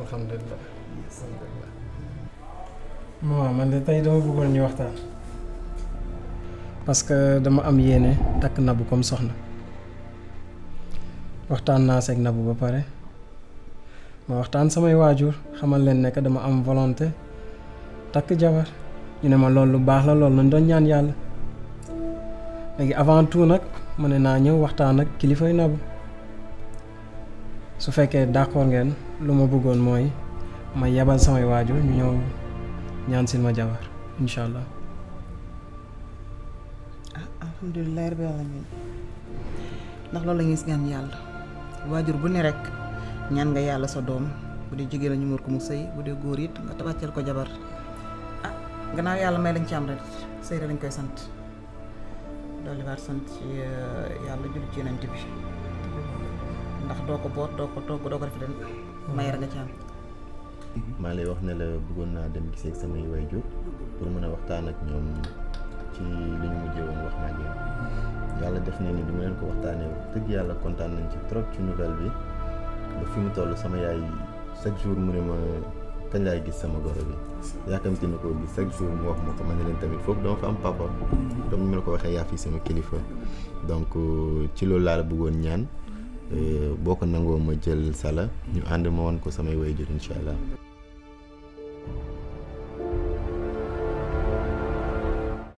alhamdulilah man de tey dama bëggoon ñu waxtaan parce que dama am yéene takk nabu comme soxna waxtaan naa seeg nabu ba pare ma waxtaan samay waajur xamal leen ne dama am volonté takk jabar ñu ne ma loolu lu baax la loolu lañ doon ñaan yàlla léegi avant tout nag ma ne naa ñëw waxtaan ak kilifay nabu su fekkee d'accord ngeen lu ma bëggoon mooy ma yebal samay waajur ñu ñëw ñaan si ma jabar incha allah. ah alhamdulilah rabbil alamin ndax loolu la ñuy ñaan yàlla waajur bu ne rek ñaan nga yàlla sa doom bu dee jigéen la ñu mër ko mu sëy bu dee góor it nga tabaccel ko jabar ah gannaaw yàlla may lañ ci am rek sëy rek lañ koy sant dolli waat sant euh, yàlla julli ci yonent bi. ndax doo ko boot doo ko togg doo ko def ren hmm. mayar nga ci am maa lay wax ne la bëggoon naa dem gisee samay wayjur pour mën a waxtaan ak ñoom ci li ñu mujjee woon wax naa ñoom yàlla def ne ni du ma leen ko waxtaanee wax dëgg yàlla kontaan nañ ci trop ci nouvelle bi ba fi mu toll sama yaay chaque jour mu ne ma kañ laay gis sama goro bi yaakamti na koo gis chaque jour mu wax ma ko ma ne leen tamit foofu dama fa am papa hmm. comme ni ma la ko waxee yaa fi sama kilifa donc euh, ci loolu laa la bëggoon ñaan Euh, boo ko nangoo ma jël sala ñu ànd ma wan ko samay waajur incha allah.